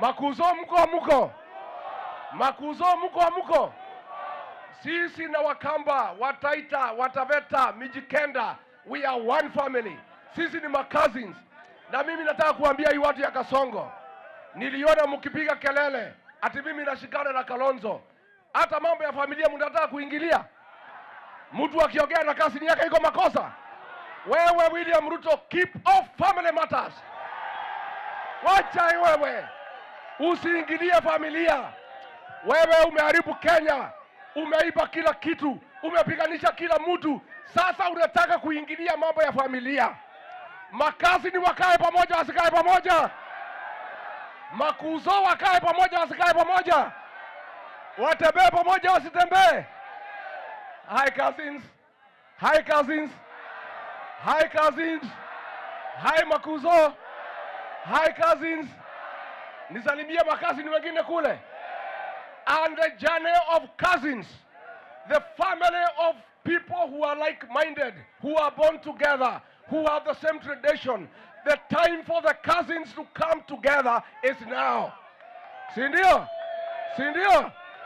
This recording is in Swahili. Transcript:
Makuzo mko mko? Makuzo mko mko? Sisi na Wakamba, Wataita, Wataveta, Mijikenda, we are one family. Sisi ni makazins, na mimi nataka kuambia hii watu ya Kasongo, niliona mkipiga kelele ati mimi nashikana na Kalonzo. Hata mambo ya familia mnataka kuingilia. Mtu akiongea na kasini yake iko makosa. Wewe William Ruto, keep off family matters. Wacha wewe usiingilie familia. Wewe umeharibu Kenya, umeiba kila kitu, umepiganisha kila mtu. Sasa unataka kuingilia mambo ya familia. Makazi ni wakae pamoja, wasikae pamoja. Makuzo wakae pamoja, wasikae pamoja. Watembee pamoja, wasitembee. Hi cousins. Hi cousins. Hi cousins. Hi makuzo. Hi cousins. Nisalimie makazini wengine kule. And the journey of cousins, the family of people who are like-minded, who are born together, who have the same tradition. The time for the cousins to come together is now. Si ndio? Si